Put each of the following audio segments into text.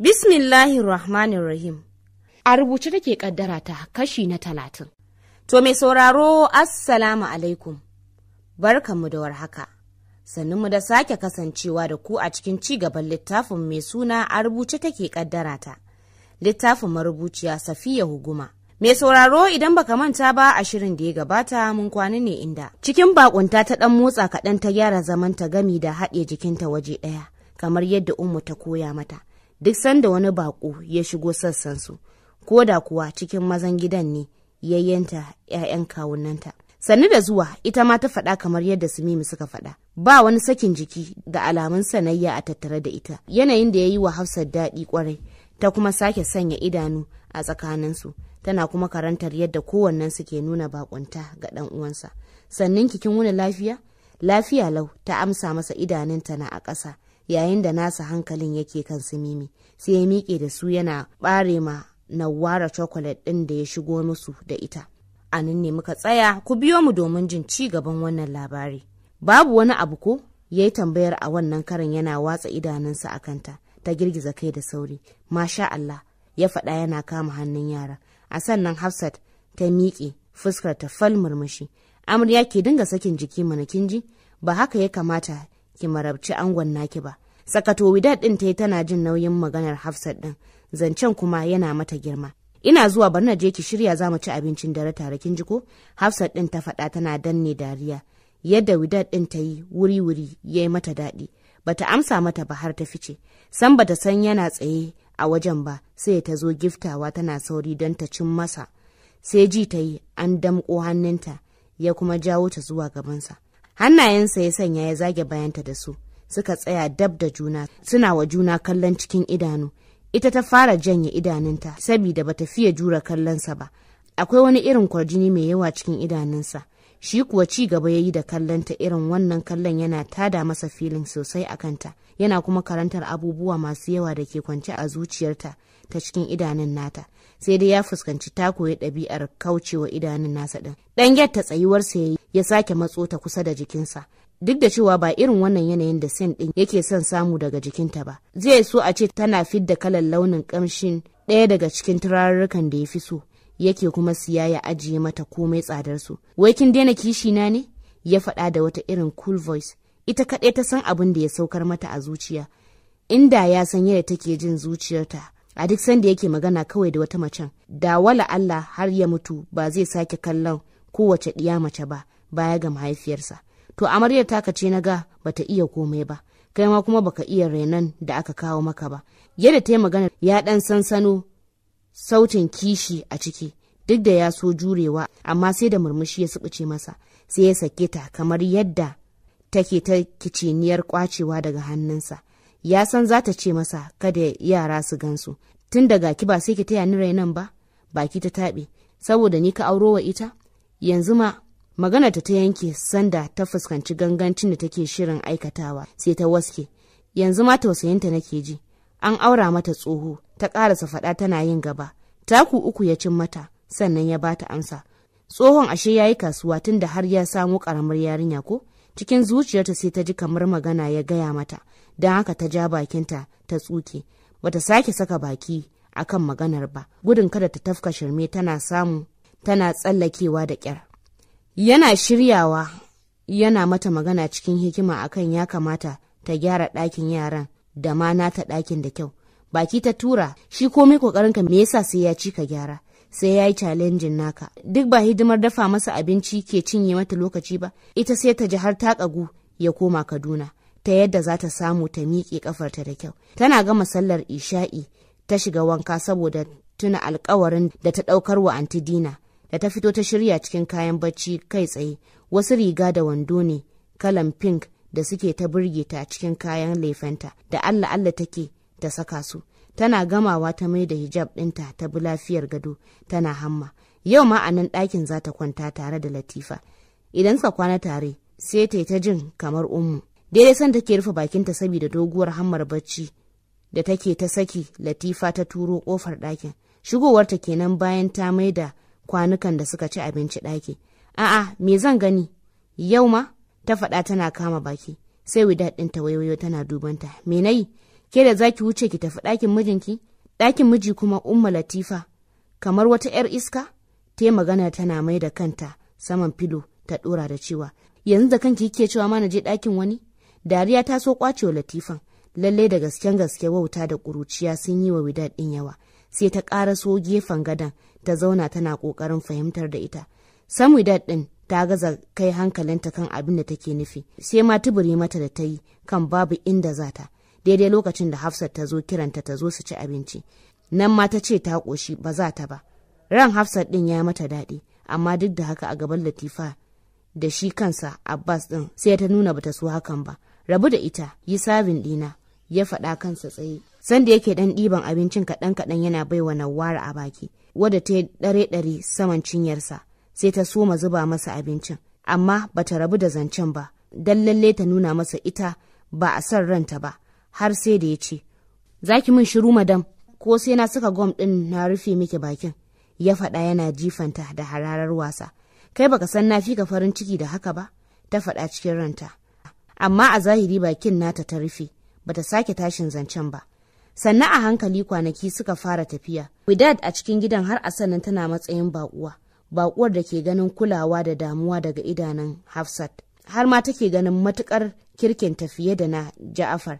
Bismillahir Rahmanir Rahim. A rubuce take kaddara ta kashi na talatin. To mai sauraro Assalamu alaikum. Barkanmu da warhaka. Sannunmu da sake kasancewa da ku a cikin ci gaban littafin mai suna a rubuce take kaddara ta. Littafin marubuciya Safiya Huguma. Mai sauraro idan baka manta ba a shirin da ya gabata mun kwana ne inda. Cikin bakunta ta dan motsa kaɗan ta gyara zaman ta gami da haɗe jikinta waje ɗaya kamar yadda Ummu ta koya mata. duk sanda wani baƙo ya shigo sassansu ko da kuwa cikin mazan gidan ne ya yanta 'ya'yan kawunanta sannu da zuwa ita ma ta faɗa kamar yadda su mimi suka faɗa. Ba wani sakin jiki da alamun sanayya a tattare da ita. Yanayin da ya yi wa Hafsat daɗi kwarai ta kuma sake sanya idanu a tsakaninsu, tana kuma karantar yadda kowannen su ke nuna bakunta ga ɗan uwansa. Sannin kikin wani lafiya? Lafiya lau ta amsa masa idanunta na a ƙasa yayin da nasa hankalin yake kan su mimi sai ya miƙe da su yana ɓare ma nawara chocolate ɗin da ya shigo musu da ita a nan ne muka tsaya ku biyo mu domin jin ci gaban wannan labari babu wani abu ko ya yi tambayar a wannan karin yana watsa idanunsa a kanta ta girgiza kai da sauri masha Allah ya faɗa yana kama hannun yara a sannan Hafsat ta miƙe fuskar ta fal murmushi amarya ke dinga sakin jiki mana ji. ba haka ya kamata ki marabci angon naki ba sakato widad ɗin ta tana jin nauyin maganar hafsat ɗin zancen kuma yana mata girma ina zuwa bari na je ki shirya za mu ci abincin dare tare kin ji ko hafsat ɗin ta faɗa tana danne dariya yadda widad ɗin ta yi wuri wuri ya yi mata daɗi bata amsa mata ba har ta fice san bata san yana tsaye a wajen ba sai ta zo giftawa tana sauri don ta cin masa sai ji ta yi an damƙo hannunta ya kuma jawo ta zuwa gabansa hannayensa ya sanya ya zage bayanta da su suka tsaya dab da juna suna wa juna kallon cikin idanu ita ta fara janye idanunta sabida bata fiye jura kallonsa ba akwai wani irin kwarjini mai yawa cikin idanunsa shi kuwa ci gaba ya yi da ta irin wannan kallon yana tada masa filin sosai a kanta yana kuma karantar abubuwa masu yawa da ke kwance a zuciyarta ta cikin idanun nata sai dai ya fuskanci ta koyi ɗabi'ar kaucewa idanun nasa ɗin ɗan ta tsayuwarsa ya yi ya sake matso ta kusa da jikinsa duk da cewa ba irin wannan yanayin da sin ɗin yake son samu daga jikinta ba zai so a ce tana fidda kalan launin ƙamshin ɗaya daga cikin turarurrukan da ya fi so yake kuma siya ya ajiye mata komai tsadar su. Wai kin daina kishi na ne? Ya faɗa da wata irin cool voice. Ita kaɗai ta san abin da ya saukar mata a zuciya. Inda ya san yadda take jin zuciyarta. A duk sanda yake magana kawai da wata macen. Da wala Allah har ya mutu ba zai sake kallon kowace ɗiya mace ba baya ga mahaifiyarsa. To amaryar taka ce na ga bata iya komai ba. Kai ma kuma baka iya renon da aka kawo maka ba. Yadda ta yi magana ya ɗan sansano sautin kishi a ciki duk da ya so jurewa amma sai da murmushi ya subuce masa sai ya sake ta kamar yadda take ta kiciniyar kwacewa daga hannunsa ya san za ta ce masa kada yara su gansu tun daga ki ba sai ki taya ni rainan ba baki ta taɓe saboda ni ka auro wa ita yanzu ma magana ta ta yanke sanda ta fuskanci gangancin da take shirin aikatawa sai ta waske yanzu ma tausayinta nake ji an aura mata tsoho ta ƙarasa faɗa tana yin gaba taku uku ya cin mata sannan ya bata amsa tsohon ashe ya yi kasuwa tun da har ya samo ƙaramar yarinya ko cikin zuciyarta sai ta ji kamar magana ya gaya mata don haka ta ja bakinta ta tsuke bata sake saka baki akan maganar ba gudun kada ta tafka shirme tana samu tana tsallakewa da kyar. yana shiryawa yana mata magana cikin hikima akan ya kamata ta gyara ɗakin yaran da ma nata ɗakin da kyau baki ta tura shi komai kokarin ka me yasa sai ya ci ka gyara sai ya yi challenging naka duk ba hidimar dafa masa abinci ke cinye mata lokaci ba ita sai ta ji har ta kagu ya koma kaduna ta yadda za ta samu ta miƙe kafarta da kyau tana gama sallar isha'i ta shiga wanka saboda tuna alkawarin da ta ɗaukar wa anti-dina da ta fito ta shirya cikin kayan bacci kai tsaye wasu riga da wando ne kalan pink da suke ta burge ta cikin kayan lefenta da allah allah take ta saka su tana gamawa ta mai da hijab ɗinta ta bi lafiyar gado tana hamma yau ma a nan ɗakin za ta kwanta tare da latifa idan suka kwana tare sai ta ta jin kamar ummu daidai san take rufe bakinta saboda doguwar hammar bacci da take ta saki latifa ta turo kofar ɗakin shigowarta kenan bayan ta mai da kwanukan da suka ci abinci ɗaki a'a me zan gani yau ma ta faɗa tana kama baki sai wida ɗinta ta wayoyo tana dubanta me nayi ke da zaki wuce ki tafi ɗakin mijinki ɗakin miji kuma umma latifa kamar wata 'yar iska ta yi magana tana mai da kanta saman filo ta ɗora da cewa yanzu da kanki kike cewa ma na je ɗakin wani dariya ta so kwacewa latifan lallai da gasken gaske wauta da ƙuruciya sun yi wa widad ɗin yawa sai ta ƙara so gefen gadon ta zauna tana ƙoƙarin fahimtar da ita sam widad ɗin ta gaza kai hankalinta kan abin da take nufi sai ma tubure mata da ta yi kan babu inda za ta daidai lokacin da hafsat ta zo kiranta ta zo su ci abinci nan ma ta ce ta ƙoshi ba za ta ba ran hafsat ɗin ya mata daɗi amma duk da haka a gaban latifa da shi kansa abbas ɗin sai ta nuna bata so hakan ba rabu da ita yi sabin ɗina ya faɗa kansa tsaye sanda yake ɗan ɗiban abincin kaɗan kaɗan yana bai wa nawara a baki wadda ta ɗare ɗare saman cinyarsa sai ta soma zuba masa abincin amma bata rabu da zancen ba don lalle ta nuna masa ita ba a son ranta ba har sai da ya ce za ki min shiru madam ko sai na saka gwam ɗin na rufe miki bakin ya faɗa yana jifanta da hararar wasa kai baka san na fi ka farin ciki da haka ba ta faɗa cikin ranta amma a zahiri bakin nata ta rufe bata sake tashin zancen ba sannan a hankali kwanaki suka fara tafiya widad a cikin gidan har a sannan tana matsayin baƙuwa baƙuwar da ke ganin kulawa da damuwa daga idanun hafsat har ma take ganin matukar kirkinta fiye da na ja'afar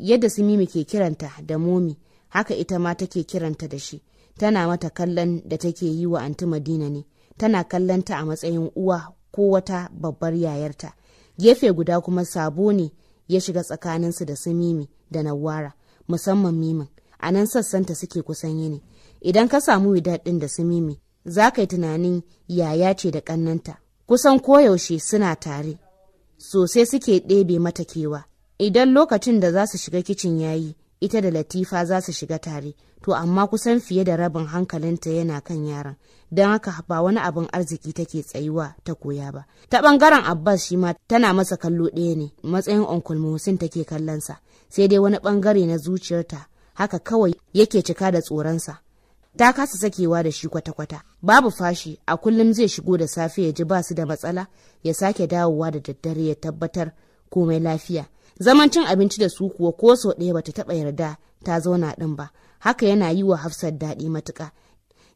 yadda simimi ke kiranta da momi haka ita ma take kiranta da shi tana mata kallon da take yi wa anti madina ne tana kallon ta a matsayin uwa ko wata babbar yayarta gefe guda kuma sabo ne ya shiga tsakaninsu da simimi da nawara musamman mimin a nan sassanta suke kusan yini idan ka samu widad ɗin da simimi za ka yi tunanin yaya ce da ƙannanta kusan koyaushe suna tare sosai suke ɗebe mata kewa Idan lokacin da za su shiga kicin ya yi, ita da Latifa za su shiga tare, to amma kusan fiye da rabin hankalinta yana kan yaran, don haka ba wani abin arziki take tsayuwa ta koya ba. Ta ɓangaren Abbas shi ma tana masa kallo ɗaya ne, matsayin Onkul musin take kallonsa, sai dai wani bangare na zuciyarta haka kawai yake cika da tsoronsa. ta kasa sakewa da shi kwata-kwata babu fashi a kullum zai shigo da safe ya ji ba su da matsala ya sake dawowa da daddare ya tabbatar komai lafiya zaman cin abinci da su kuwa ko sau ɗaya bata taɓa yarda ta zauna ɗin ba haka yana yi wa hafsat daɗi matuƙa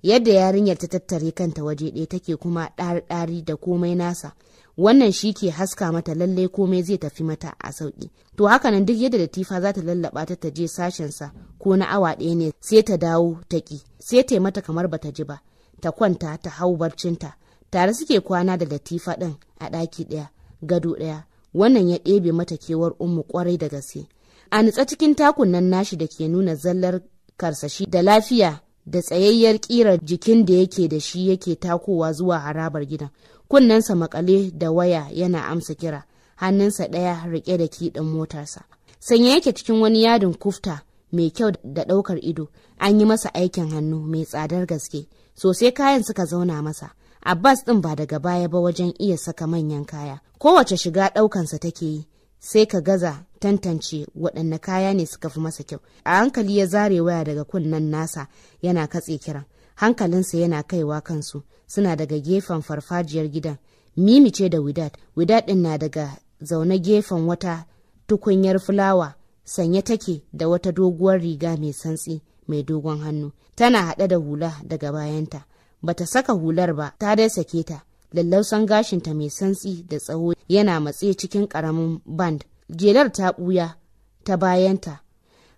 yadda yarinyar ta tattare kanta waje ɗaya take kuma ɗari-ɗari da komai nasa wannan shi ke haska mata lallai komai zai tafi mata a sauƙi to haka nan duk yadda latifa za ta lallaɓa ta ta je sashensa ko na awa ɗaya ne sai ta dawo ta ƙi sai ta mata kamar bata ji ba ta kwanta ta hau barcinta tare suke kwana da latifa ɗin a ɗaki ɗaya gado ɗaya wannan ya ɗebe mata kewar ummu kwarai da gaske a nutsa cikin takunan nashi da ke nuna zallar karsashi da lafiya da tsayayyar ƙirar jikin da yake da shi yake takowa zuwa harabar gidan kunnensa makale da waya yana amsa kira hannunsa ɗaya rike da kiɗin motarsa ya yake cikin wani yadin kufta mai kyau da ɗaukar ido an yi masa aikin hannu mai tsadar gaske sosai kayan suka zauna masa a Abbas ɗin ba daga baya ba wajen iya saka manyan kaya. Kowace shiga ɗaukansa take yi, sai ka gaza tantance waɗanne kaya ne suka fi masa kyau. A hankali ya zare waya daga kunnen nasa yana katse kiran. Hankalinsa yana kaiwa kansu, suna daga gefen farfajiyar gidan. Mimi ce da widad Widat ɗin na daga zaune gefen wata tukunyar fulawa sanye take da wata doguwar riga mai santsi mai dogon hannu. Tana haɗe da hula daga bayanta. bata saka hular ba ta dai sake ta lallausan gashinta mai santsi da tsawo yana matse cikin ƙaramin band jelar ta buya ta bayanta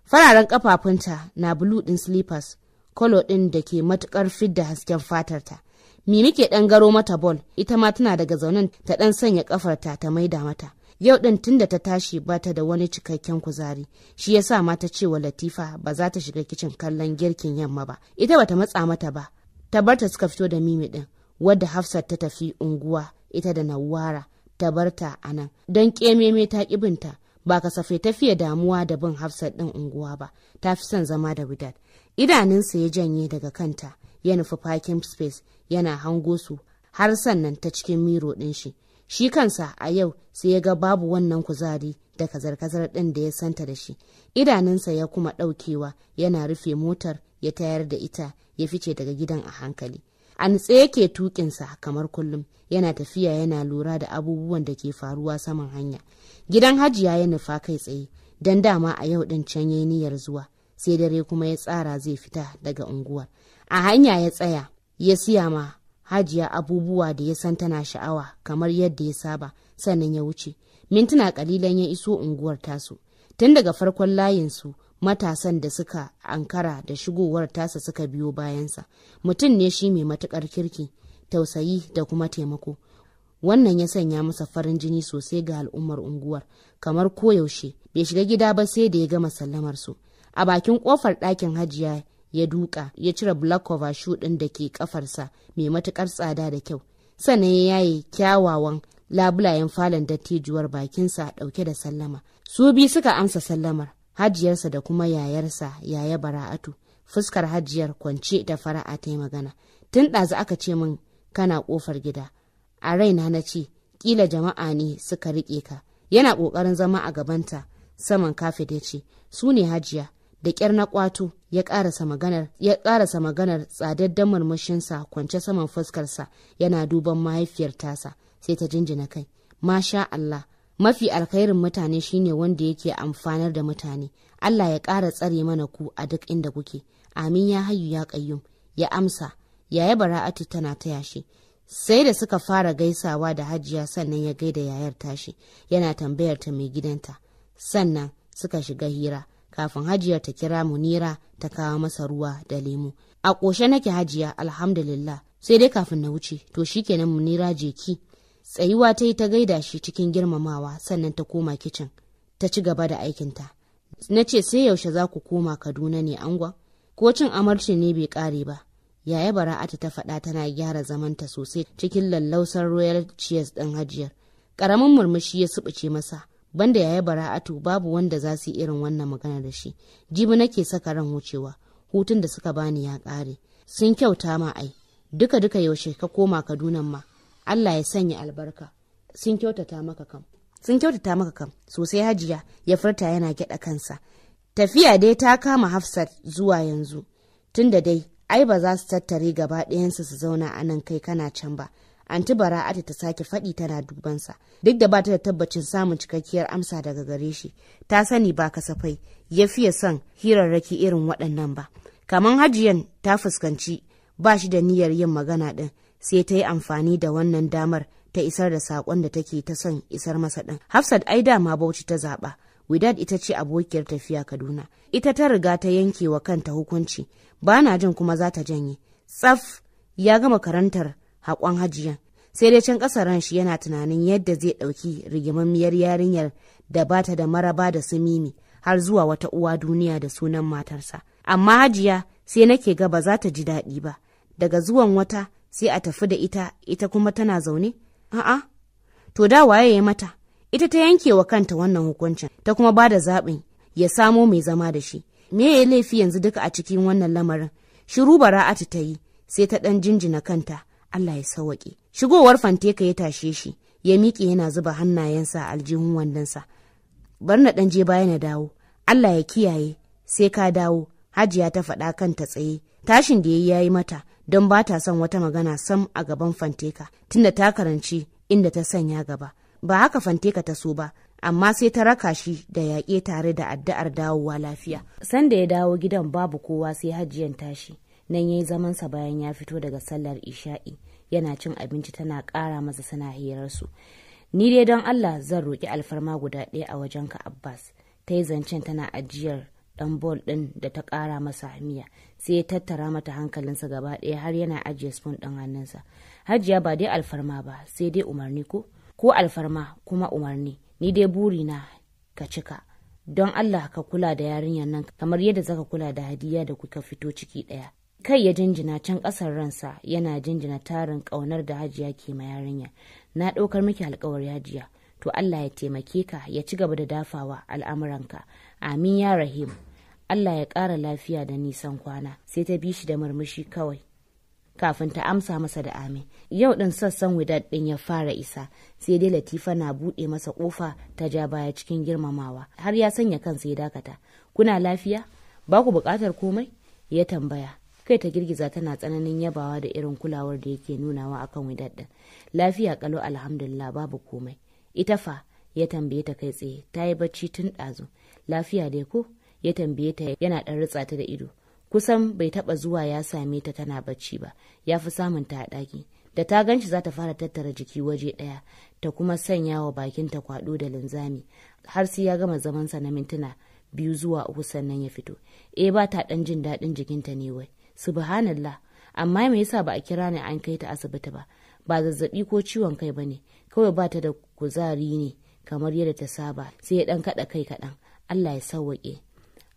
fararen kafafunta na blue ɗin slippers kolo ɗin da ke matukar fidda hasken fatarta mi ke ɗan garo mata ball. ita ma tana daga zaunen ta ɗan sanya ƙafarta ta maida mata yau ɗin tunda ta tashi ba ta da wani cikakken kuzari shi ya sa ta cewa latifa ba za ta shiga kicin kallon girkin yamma ba ita bata matsa mata ba tabarta suka fito da mimi din wadda hafsat ta tafi unguwa ita da nawara tabarta a nan don kememe ta ƙibinta ba kasafai ta fiye damuwa da bin hafsa din unguwa ba ta fi son zama da widat idanunsa ya janye daga kanta ya nufi parking space yana hango su har sannan ta cikin miro din shi shi kansa a yau sai ya ga babu wannan kuzari da kazar-kazar ɗin da ya santa da shi idanunsa ya kuma ɗaukewa yana rufe motar ya tayar da ita ya fice daga gidan a hankali a nutse yake tukinsa kamar kullum yana tafiya yana lura da abubuwan da ke faruwa saman hanya gidan hajiya ya nufa kai tsaye don dama a yau din can ya niyyar zuwa sai dare kuma ya tsara zai fita daga unguwar a hanya ya tsaya ya siya ma hajiya abubuwa da ya san tana sha'awa kamar yadda ya saba sannan ya wuce mintuna kalilan ya iso unguwar tasu tun daga farkon layinsu matasan da suka ankara da shigowar tasa suka biyo bayansa mutum ne shi mai matukar kirki tausayi da kuma taimako wannan ya sanya masa farin jini sosai ga al'ummar unguwar kamar koyaushe bai shiga gida ba sai da ya gama sallamar su a bakin kofar ɗakin hajiya ya duka ya cire black cover da ke kafarsa mai matukar tsada da kyau sannan ya yaye kyawawan labulayen falon dattijuwar bakinsa ɗauke da sallama su bi suka amsa sallamar hajiyarsa da kuma yayarsa yaya bara'atu fuskar hajiyar kwance da fara'a ta yi magana tun ɗazu aka ce min kana ƙofar gida a raina na ce ƙila jama'a ne suka riƙe ka yana ƙoƙarin zama a gabanta saman kafe da ce su ne hajiya da ƙyar na ƙwato ya ƙarasa maganar ya ƙarasa maganar tsadaddan murmushinsa kwance saman fuskarsa yana duban mahaifiyar tasa sai ta jinjina kai masha Allah mafi alkhairin mutane shine wanda yake amfanar da mutane Allah ya ƙara tsare mana ku a duk inda kuke amin ya hayu ya ƙayyum ya amsa yaya bara'atu tana taya shi sai da suka fara gaisawa da hajiya sannan ya gaida yayar tashi yana tambayar ta mai gidanta sannan suka shiga hira kafin hajiyar ta kira mu munira ta kawo masa ruwa da lemu a ƙoshe nake hajiya alhamdulillah sai dai kafin na wuce to shikenan munira jeki tsayuwa ta yi ta gaida shi cikin girmamawa sannan ta koma kicin ta ci gaba da aikinta na ce sai yaushe za ku koma kaduna ne angon ko cin amarci ne bai kare ba yaya bara'atu ta faɗa tana gyara zamanta sosai cikin lallausar royal cheers ɗin hajiyar ƙaramin murmushi ya subuce masa banda yaya bara'atu babu wanda za su yi irin wannan magana da shi jibi nake saka ran wucewa hutun da suka bani ya ƙare sun kyauta ma ai duka duka yaushe ka koma kaduna ma Allah ya sanya albarka sun kyautata maka kam sun kyautata maka kam sosai hajiya ya furta yana gyaɗa kansa tafiya dai ta kama hafsat zuwa yanzu tunda dai ai ba za su tattare gaba ɗayansu su zauna a nan kai kana can ba anti bara, ati ta sake faɗi tana dubansa duk da ba ta da tabbacin samun cikakkiyar amsa daga gare shi ta sani ba kasafai ya fiye son hirarraki irin waɗannan ba kamar hajiyan ta fuskanci ba shi da niyyar yin magana ɗin sai ta yi amfani da wannan damar ta isar da saƙon da take ta son isar masa ɗin. Hafsat ai dama Bauchi ta zaɓa. Widad ita ce abokiyar tafiya Kaduna. Ita ta riga ta yanke wa kanta hukunci, ba na jin kuma za ta janye. Tsaf ya gama karantar haƙon hajiya. Sai dai can ƙasa ran shi yana tunanin yadda zai ɗauki rigimammiyar yarinyar da ba ta da maraba da su har zuwa wata uwa duniya da sunan matarsa. Amma hajiya sai nake ga ba za ta ji daɗi ba. Daga zuwan wata sai a tafi da ita ita kuma tana zaune a'a to da waye ya mata ita ta yanke wa kanta wannan hukuncin ta kuma ba da zaɓin ya samo mai zama da shi me ya laifi yanzu duka a cikin wannan lamarin shiru bara'atu ta yi sai ta ɗan jinjina kanta Allah ya sawaƙe shigowar fanteka ya tashe shi ya miƙe yana zuba hannayensa aljihun wandonsa bar na ɗan je baya na dawo Allah ya kiyaye sai ka dawo hajiya ta faɗa kanta tsaye tashin da ya yi mata don ba ta son wata magana sam a gaban Fanteka tunda ta karanci inda ta sanya gaba. Ba haka Fanteka ta so ba, amma sai ta raka shi da yaƙe tare da addu'ar dawowa lafiya. Sanda ya dawo gidan babu kowa sai hajiyan tashi, nan yayi yi zamansa bayan ya fito daga sallar isha'i yana cin abinci tana ƙara masa sana hirar su Ni dai don Allah zan roki alfarma guda ɗaya a wajenka Abbas, ta yi zancen tana ajiyar dan bol din da ta kara masa miya sai ya tattara mata hankalinsa gaba ɗaya har yana ajiye spoon din hannunsa hajiya ba dai alfarma ba sai dai umarni ko ko alfarma kuma umarni ni dai buri na ka cika don allah ka kula da yarinyar nan kamar yadda zaka kula da hadiya da kuka fito ciki ɗaya kai ya jinjina can ƙasar ransa yana jinjina tarin ƙaunar da hajiya ke ma yarinya na ɗaukar miki alkawari hajiya to Allah ya taimake ka ya ci gaba da dafawa al'amuranka. Amin ya Rahim. Allah ya ƙara lafiya da nisan kwana sai ta bi shi da murmushi kawai kafin ta amsa masa da amin yau ɗin sassan widad ɗin ya fara isa sai dai latifa na buɗe masa ƙofa ta ja baya cikin girmamawa har ya sanya kansa ya dakata kuna lafiya ba ku buƙatar komai ya tambaya kai ta girgiza tana tsananin yabawa da irin kulawar da yake nunawa akan widad ɗin lafiya ƙalo alhamdulillah babu komai ita fa ya tambaye ta kai tsaye ta yi bacci tun ɗazu lafiya dai ko ya tambaye ta yana ɗan ritsa ta da ido kusan bai taba zuwa ya same ta tana bacci ba ya fi samun ta a ɗaki da ta ganci za ta fara tattara jiki waje ɗaya ta kuma sanya wa bakin ta kwaɗo da linzami har sai ya gama zaman sa na mintuna biyu zuwa uku sannan ya fito eh ba ta dan jin daɗin jikinta ne wai subhanallah amma me yasa ba a kira ni an kai ta asibiti ba ba zazzabi ko ciwon kai ba ne kawai ba ta da kuzari ne kamar yadda ta saba sai ya ɗan kaɗa kai kaɗan allah ya sauke.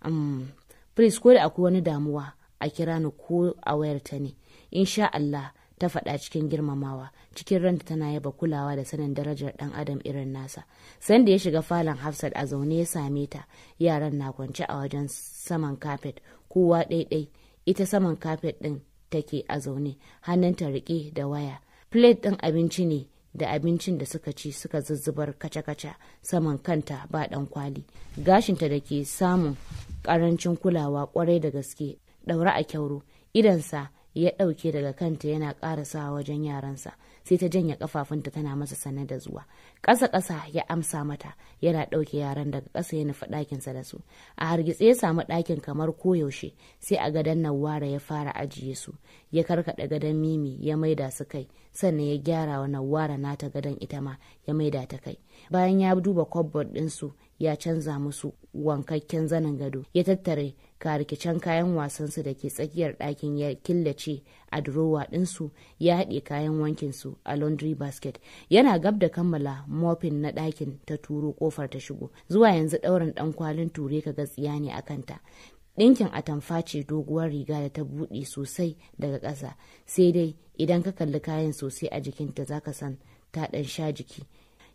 Um, prince ko da akwai wani damuwa a kira ni ko a wayar ta ne insha Allah ta faɗa cikin girmamawa cikin ranta tana yaba kulawa da sanin darajar ɗan adam irin nasa sanda ya shiga falon hafsat a zaune ya same ta yaran na kwance a wajen saman kafet kowa ɗaiɗai ita saman kafet ɗin take a zaune hannun ta riƙe da waya plate ɗin abinci ne da abincin da suka ci suka zuzzubar kaca-kaca saman kanta ba dan kwali gashinta da ke samun karancin kulawa kwarai da gaske daura a kyauro idansa ya ɗauke daga kanta yana sawa wajen yaransa sai ta janye kafafunta tana masa sane da zuwa ƙasa ƙasa ya amsa mata yana ɗauke yaran daga ƙasa ya nufi ɗakinsa da su a hargitse ya samu ɗakin kamar koyaushe sai a gadon nan ware ya fara ajiye su ya karkaɗa gadon mimi ya maida su kai sannan ya gyara wa nawara nata gadon ita ma ya maida ta kai bayan ya duba cupboard ɗinsu ya canza musu wankakken zanen gado ya tattare karikicen kayan wasansu da ke tsakiyar ɗakin ya killace a durowa ɗinsu ya haɗe kayan wankinsu a laundry basket yana gab da kammala mopin na ɗakin ta turo ƙofar ta shigo zuwa yanzu ɗaurin ɗan kwalin ture ka gatsiya ne a kanta ɗinkin atamfa ce doguwar riga da ta buɗe sosai daga ƙasa sai dai idan ka kalli kayan sosai a jikinta za ka san ta ɗan sha jiki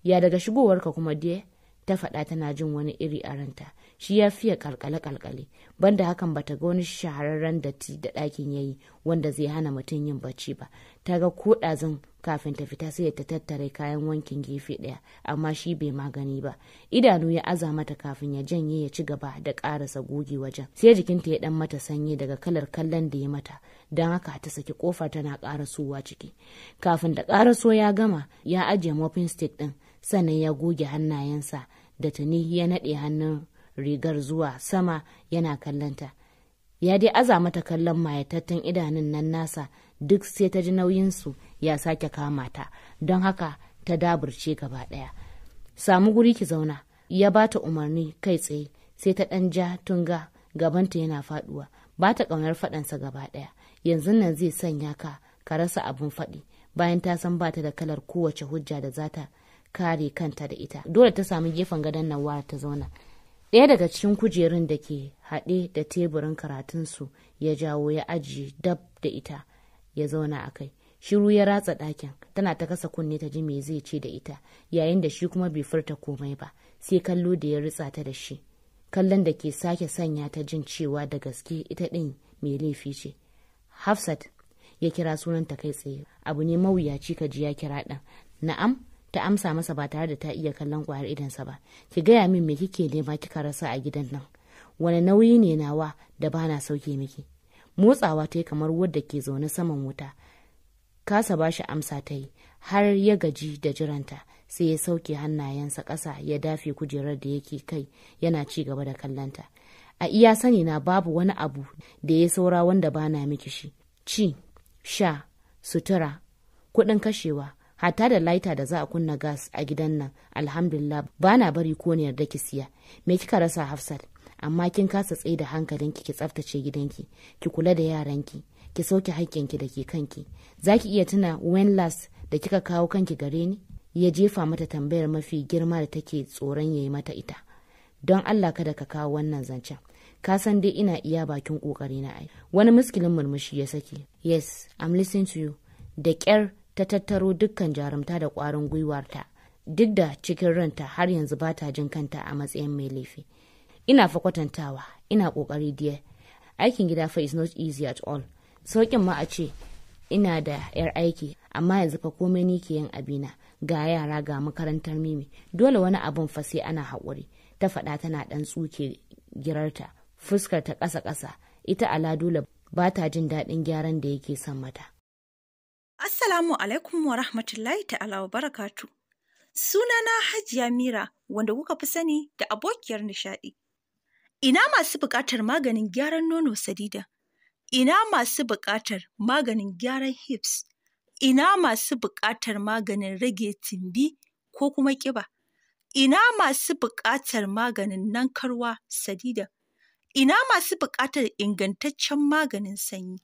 ya daga shigowarka kuma dai ta faɗa tana jin wani iri a ranta shi ya fiye kalkale-kalkale banda hakan bata ga wani shahararren datti da ɗakin yayi wanda zai hana mutum yin bacci ba ta ga ko ɗazun kafin ta fita sai ta tattare kayan wankin gefe ɗaya amma shi bai magani ba idanu ya aza mata kafin ya janye ya ci gaba da ƙarasa goge wajen sai jikinta ya ɗan mata sanyi daga kalar kallon da ya mata don haka ta saki kofar tana ƙarasowa ciki kafin da ƙaraso ya gama ya ajiye mopping stick ɗin sannan ya goge hannayensa da tuni ya naɗe hannun rigar zuwa sama yana kallonta ya dai aza mata kallon mayatattun idanun nan nasa duk sai ta ji nauyinsu ya sake kama ta don haka ta daburce gaba ɗaya samu guri ki zauna ya ba ta umarni kai tsaye sai ta ɗan ja tunga gabanta yana faɗuwa ba ta ƙaunar faɗansa gaba ɗaya yanzu nan zai sanya ka ka rasa abin faɗi bayan ta san ba ta da kalar kowace hujja da za ta kare kanta da ita dole ta samu gefen gadon wara ta zauna ɗaya daga cikin kujerun da ke haɗe da teburin karatunsu ya jawo ya aji dab da ita ya zauna a kai shiru ya ratsa ɗakin tana ta kasa kunne ta ji me zai ce da ita yayin da shi kuma bai furta komai ba sai kallo da ya ritsa ta da shi kallon da ke sake sanya ta jin cewa da gaske ita ɗin mai laifi ce hafsat ya kira sunanta kai tsaye abu ne mawuyaci ka ji ya kira ɗan na'am ta amsa masa ba tare da ta iya kallon kwayar idansa ba ki gaya min me kike nema kika rasa a gidan nan wani nauyi ne nawa da bana sauke miki motsawa ta yi kamar wadda ke zaune saman wuta kasa ba shi amsa ta yi har ya gaji da jiranta sai ya sauke hannayensa ƙasa ya dafe kujerar da yake kai yana ci gaba da kallonta a iya sani na babu wani abu da ya saura wanda bana miki shi ci sha sutura kuɗin kashewa hatta da laita da za a kunna gas a gidan nan alhamdulillah ba na bari ko ne yarda ki siya me kika rasa hafsat amma kin kasa tsaye da hankalinki ki tsaftace gidanki ki kula da yaranki ki sauke haƙƙinki da ke kanki za ki iya tuna when last da kika kawo kanki gare ni ya jefa mata tambayar mafi girma da take tsoron ya yi mata ita don allah kada ka kawo wannan zancen ka san dai ina iya bakin ƙoƙari na ai wani muskilin murmushi ya saki yes i'm listening to you da ƙyar ta tattaro dukkan jarumta da ƙwarin gwiwarta duk da cikin ranta har yanzu ba ta jin kanta a matsayin mai laifi ina fa kwatantawa ina ƙoƙari diya aikin gida fa is not easy at all sauƙin ma a ce ina da 'yar aiki amma yanzu fa komai ni ke yin abina ga yara ga makarantar mimi dole wani abun fa sai ana haƙuri ta faɗa tana ɗan tsuke girarta fuskar ta ƙasa-ƙasa ita ala dole ba ta jin daɗin gyaran da yake son mata Assalamu alaikum wa rahmatullahi ta'ala wa barakatu. Sunana Hajiya Mira wanda kuka fi sani da abokiyar nishaɗi. Ina masu buƙatar maganin gyaran nono sadida. Ina masu buƙatar maganin gyaran hips. Ina masu buƙatar maganin rage tumbi ko kuma ƙiba. Ina masu buƙatar maganin nankarwa sadida. Ina masu buƙatar ingantaccen maganin sanyi.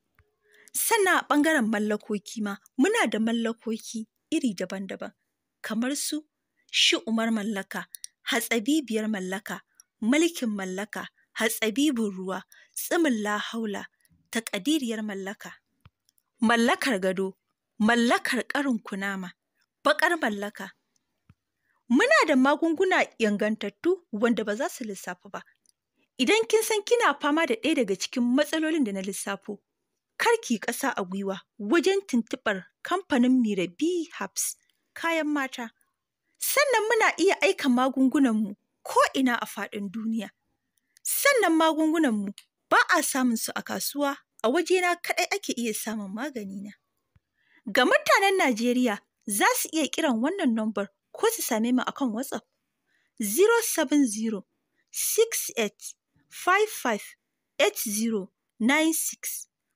sannan a ɓangaren mallakoki ma muna da mallakoki iri daban-daban kamar su shi umar mallaka hatsabibiyar mallaka mulkin mallaka hatsabibin ruwa tsimin lahaula taƙadiriyar mallaka mallakar gado mallakar ƙarin kunama baƙar mallaka muna da magunguna yangantattu wanda ba za su lissafa ba idan kin san kina fama da ɗaya daga cikin matsalolin da na lissafo Kar karki kasa a gwiwa wajen tuntuɓar kamfanin Mirabi Habs kayan mata. Sannan muna iya aika magungunanmu ko'ina a faɗin duniya. Sannan magungunanmu ba a samun su a kasuwa, a wajena kaɗai ake iya samun magani na Ga mutanen Najeriya za su iya kiran wannan nombar ko su same mu akan WhatsApp 070 68 55 8096.